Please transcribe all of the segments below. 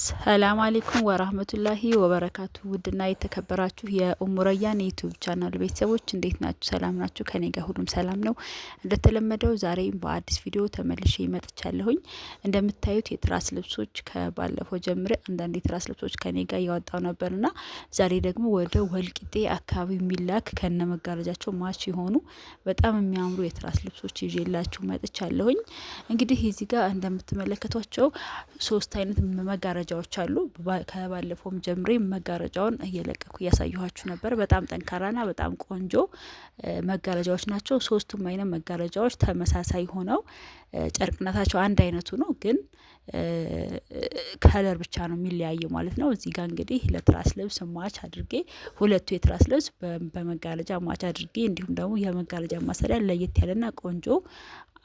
ሰላም አሌይኩም ወራህመቱላሂ ወበረካቱ ውድና የተከበራችሁ የኡሙረያን ዩቱብ ቻናል ቤተሰቦች እንዴት ናችሁ? ሰላም ናችሁ? ከኔ ጋር ሁሉም ሰላም ነው። እንደተለመደው ዛሬም በአዲስ ቪዲዮ ተመልሼ መጥቻለሁኝ። እንደምታዩት የትራስ ልብሶች ከባለፈው ጀምሬ አንዳንድ የትራስ ልብሶች ከኔ ጋር እያወጣው ነበርና ዛሬ ደግሞ ወደ ወልቂጤ አካባቢ የሚላክ ከነ መጋረጃቸው ማች የሆኑ በጣም የሚያምሩ የትራስ ልብሶች ይዤላችሁ መጥቻለሁኝ። እንግዲህ እዚህ ጋር እንደምትመለከቷቸው ሶስት አይነት መጋረ መጋረጃዎች አሉ። ከባለፈውም ጀምሬ መጋረጃውን እየለቀኩ እያሳየኋችሁ ነበር። በጣም ጠንካራና በጣም ቆንጆ መጋረጃዎች ናቸው። ሶስቱም አይነት መጋረጃዎች ተመሳሳይ ሆነው ጨርቅነታቸው አንድ አይነቱ ነው፣ ግን ከለር ብቻ ነው የሚለያየ ማለት ነው። እዚህ ጋር እንግዲህ ለትራስ ልብስ ማች አድርጌ ሁለቱ የትራስ ልብስ በመጋረጃ ማች አድርጌ እንዲሁም ደግሞ የመጋረጃ ማሰሪያ ለየት ያለና ቆንጆ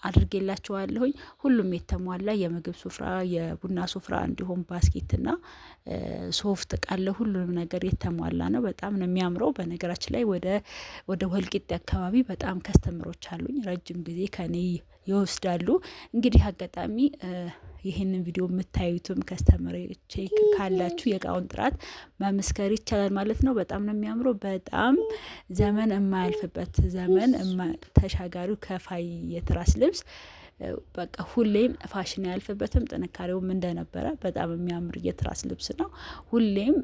አድርጌላቸዋለሁኝ። ሁሉም የተሟላ የምግብ ሱፍራ፣ የቡና ሱፍራ እንዲሁም ባስኬትና ሶፍት ቃለ ሁሉም ነገር የተሟላ ነው። በጣም ነው የሚያምረው። በነገራችን ላይ ወደ ወደ ወልቂጤ አካባቢ በጣም ከስተምሮች አሉኝ። ረጅም ጊዜ ከኔ ይወስዳሉ። እንግዲህ አጋጣሚ ይህንን ቪዲዮ የምታዩትም ቼክ ካላችሁ የእቃውን ጥራት መመስከር ይቻላል ማለት ነው። በጣም ነው የሚያምረው። በጣም ዘመን የማያልፍበት ዘመን ተሻጋሪው ከፋይ የትራስ ልብስ በቃ ሁሌም ፋሽን ያልፍበትም ጥንካሬውም እንደነበረ በጣም የሚያምር የትራስ ልብስ ነው። ሁሌም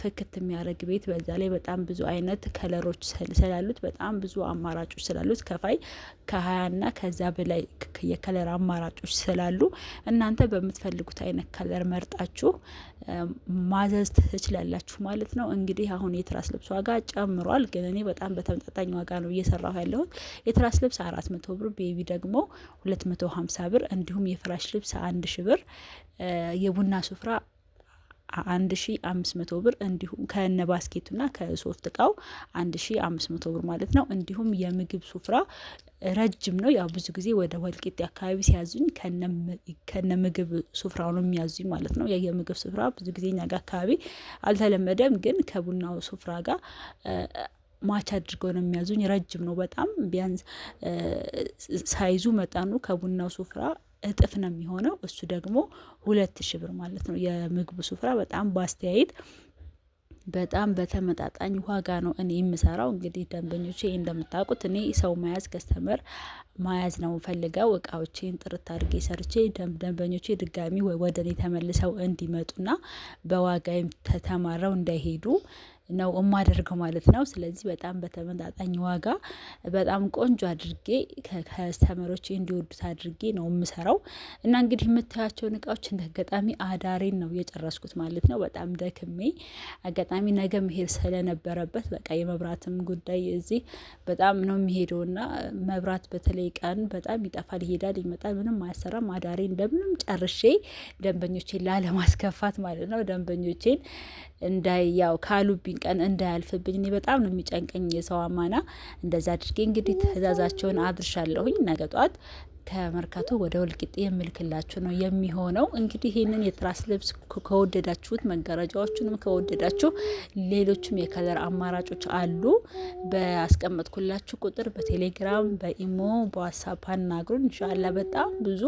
ፍክት የሚያደርግ ቤት በዛ ላይ በጣም ብዙ አይነት ከለሮች ስላሉት በጣም ብዙ አማራጮች ስላሉት ከፋይ ና ከዛ በላይ የከለር አማራጮች ስላሉ እናንተ በምትፈልጉት አይነት ከለር መርጣችሁ ማዘዝ ትችላላችሁ ማለት ነው። እንግዲህ አሁን የትራስ ልብስ ዋጋ ጨምሯል፣ ግን እኔ በጣም በተመጣጣኝ ዋጋ ነው እየሰራሁ ያለሁት። የትራስ ልብስ አራት መቶ ብር ቤቢ ደግሞ ሁለት መቶ ሀምሳ ብር እንዲሁም የፍራሽ ልብስ አንድ ሺ ብር የቡና ስፍራ አንድ ሺ አምስት መቶ ብር እንዲሁም ከነ ባስኬቱና ከሶፍት እቃው አንድ ሺ አምስት መቶ ብር ማለት ነው። እንዲሁም የምግብ ሱፍራ ረጅም ነው። ያው ብዙ ጊዜ ወደ ወልቂጤ አካባቢ ሲያዙኝ ከነ ምግብ ሱፍራው ነው የሚያዙኝ ማለት ነው። የምግብ ሱፍራ ብዙ ጊዜ እኛ ጋ አካባቢ አልተለመደም፣ ግን ከቡናው ሱፍራ ጋር ማች አድርገው ነው የሚያዙኝ። ረጅም ነው በጣም ቢያንስ ሳይዙ መጠኑ ከቡናው ሱፍራ እጥፍ ነው የሚሆነው። እሱ ደግሞ ሁለት ሺ ብር ማለት ነው። የምግቡ ሱፍራ በጣም በአስተያየት በጣም በተመጣጣኝ ዋጋ ነው እኔ የምሰራው። እንግዲህ ደንበኞች ይህ እንደምታውቁት እኔ ሰው መያዝ ከስተመር መያዝ ነው ፈልገው እቃዎቼን ጥርት አድርጌ ሰርቼ ደንበኞች ድጋሚ ወደ እኔ ተመልሰው እንዲመጡና በዋጋይም ተተማረው እንዳይሄዱ ነው የማደርገው ማለት ነው። ስለዚህ በጣም በተመጣጣኝ ዋጋ በጣም ቆንጆ አድርጌ ከስተመሮች እንዲወዱት አድርጌ ነው የምሰራው እና እንግዲህ የምታያቸውን እቃዎች እንደ አጋጣሚ አዳሬን ነው የጨረስኩት ማለት ነው። በጣም ደክሜ አጋጣሚ ነገ መሄድ ስለነበረበት በቃ የመብራትም ጉዳይ እዚህ በጣም ነው የሚሄደው እና መብራት በተለይ ቀን በጣም ይጠፋል፣ ይሄዳል፣ ይመጣል፣ ምንም አያሰራም። አዳሬ እንደምንም ጨርሼ ደንበኞቼን ላለማስከፋት ማለት ነው ደንበኞቼን ያው ካሉብኝ ቀን እንዳያልፍብኝ እኔ በጣም ነው የሚጨንቀኝ የሰው አማና። እንደዚ አድርጌ እንግዲህ ትእዛዛቸውን አድርሻለሁኝ ነገ ጧት ከመርካቶ ወደ ወልቂጤ የምልክላችሁ ነው የሚሆነው። እንግዲህ ይህንን የትራስ ልብስ ከወደዳችሁት፣ መጋረጃዎቹንም ከወደዳችሁ ሌሎችም የከለር አማራጮች አሉ። በአስቀመጥኩላችሁ ቁጥር በቴሌግራም በኢሞ በዋትሳፕ አናግሩን። እንሻላ በጣም ብዙ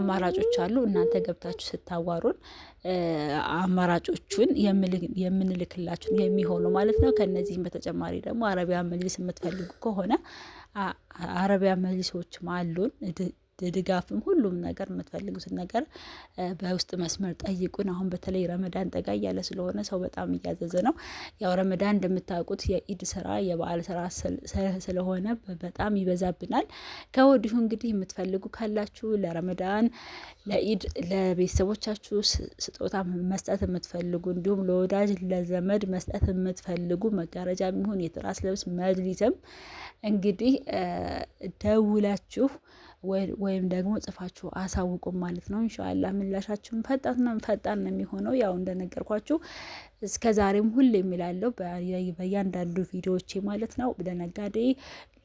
አማራጮች አሉ። እናንተ ገብታችሁ ስታዋሩን አማራጮቹን የምንልክላችሁ የሚሆኑ ማለት ነው። ከነዚህም በተጨማሪ ደግሞ አረቢያን መልስ የምትፈልጉ ከሆነ አረቢያ መጅሊሶችም አሉን ድጋፍም ሁሉም ነገር የምትፈልጉትን ነገር በውስጥ መስመር ጠይቁን። አሁን በተለይ ረመዳን ጠጋ እያለ ስለሆነ ሰው በጣም እያዘዘ ነው። ያው ረመዳን እንደምታውቁት የኢድ ስራ የበዓል ስራ ስለሆነ በጣም ይበዛብናል። ከወዲሁ እንግዲህ የምትፈልጉ ካላችሁ ለረመዳን ለኢድ ለቤተሰቦቻችሁ ስጦታ መስጠት የምትፈልጉ እንዲሁም ለወዳጅ ለዘመድ መስጠት የምትፈልጉ መጋረጃ የሚሆን የትራስ ልብስ መድሊትም እንግዲህ ደውላችሁ ወይም ደግሞ ጽፋችሁ አሳውቁም ማለት ነው። እንሻላ ምላሻችሁን ፈጣን ፈጣን ነው የሚሆነው። ያው እንደነገርኳችሁ እስከ ዛሬም ሁሌ የሚላለው በእያንዳንዱ ቪዲዮዎቼ ማለት ነው ለነጋዴ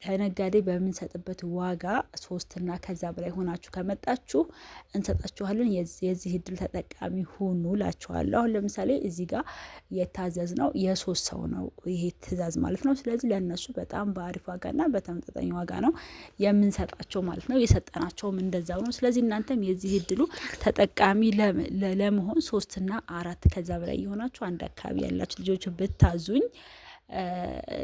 ከነጋዴ በምንሰጥበት ዋጋ ሶስትና ከዛ በላይ ሆናችሁ ከመጣችሁ እንሰጣችኋለን። የዚህ እድል ተጠቃሚ ሁኑ ላችኋለሁ። አሁን ለምሳሌ እዚህ ጋር የታዘዝ ነው የሶስት ሰው ነው ይሄ ትእዛዝ ማለት ነው። ስለዚህ ለእነሱ በጣም በአሪፍ ዋጋና በተመጣጣኝ ዋጋ ነው የምንሰጣቸው ማለት ነው። የሰጠናቸውም እንደዛው ነው። ስለዚህ እናንተም የዚህ እድሉ ተጠቃሚ ለመሆን ሶስትና አራት ከዛ በላይ የሆናችሁ አንድ አካባቢ ያላችሁ ልጆች ብታዙኝ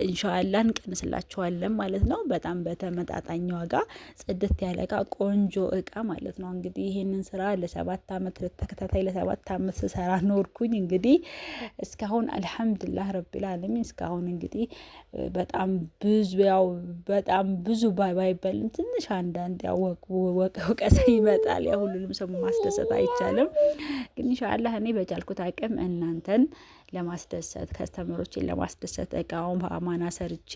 እንሻላ እንቀንስላችኋለን ማለት ነው። በጣም በተመጣጣኝ ዋጋ ጽድት ያለ እቃ ቆንጆ እቃ ማለት ነው። እንግዲህ ይህንን ስራ ለሰባት አመት ተከታታይ ለሰባት አመት ስሰራ ኖርኩኝ። እንግዲህ እስካሁን አልሐምዱላህ ረቢል አለሚን እስካሁን እንግዲህ በጣም ብዙ ያው በጣም ብዙ ባይባልም ትንሽ አንዳንድ ያው ወቀሳ ይመጣል። ያው ሁሉንም ሰው ማስደሰት አይቻልም። ግን እንሻላ እኔ በቻልኩት አቅም እናንተን ለማስደሰት ከስተመሮችን ለማስደሰት እቃውን በአማና ሰርቼ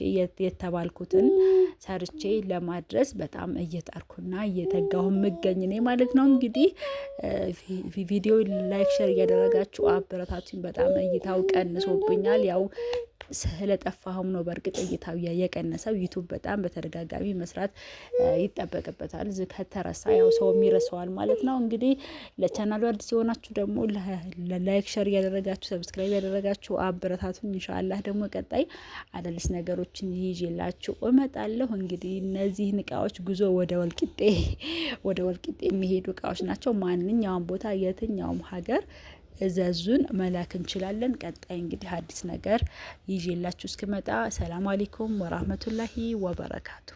የተባልኩትን ሰርቼ ለማድረስ በጣም እየጣርኩና እየተጋሁ የምገኝ እኔ ማለት ነው። እንግዲህ ቪዲዮ ላይክ፣ ሸር እያደረጋችሁ አበረታችን። በጣም እይታው ቀንሶብኛል ያው ስለጠፋሁም ነው በእርግጥ እይታው የቀነሰው። ዩቱብ በጣም በተደጋጋሚ መስራት ይጠበቅበታል። ከተረሳ ያው ሰውም ይረሰዋል ማለት ነው። እንግዲህ ለቻናሉ አዲስ የሆናችሁ ደግሞ ላይክ፣ ሸር እያደረጋችሁ ሰብስክራይብ ያደረጋችሁ አበረታቱን። ኢንሻአላህ ደግሞ ቀጣይ አዳዲስ ነገሮችን ይዤላችሁ እመጣለሁ። እንግዲህ እነዚህን እቃዎች ጉዞ ወደ ወልቂጤ ወደ ወልቂጤ የሚሄዱ እቃዎች ናቸው። ማንኛውም ቦታ የትኛውም ሀገር እዘዙን መላክ እንችላለን። ቀጣይ እንግዲህ አዲስ ነገር ይዤላችሁ እስክመጣ ሰላም አሌይኩም ወራህመቱላሂ ወበረካቱ።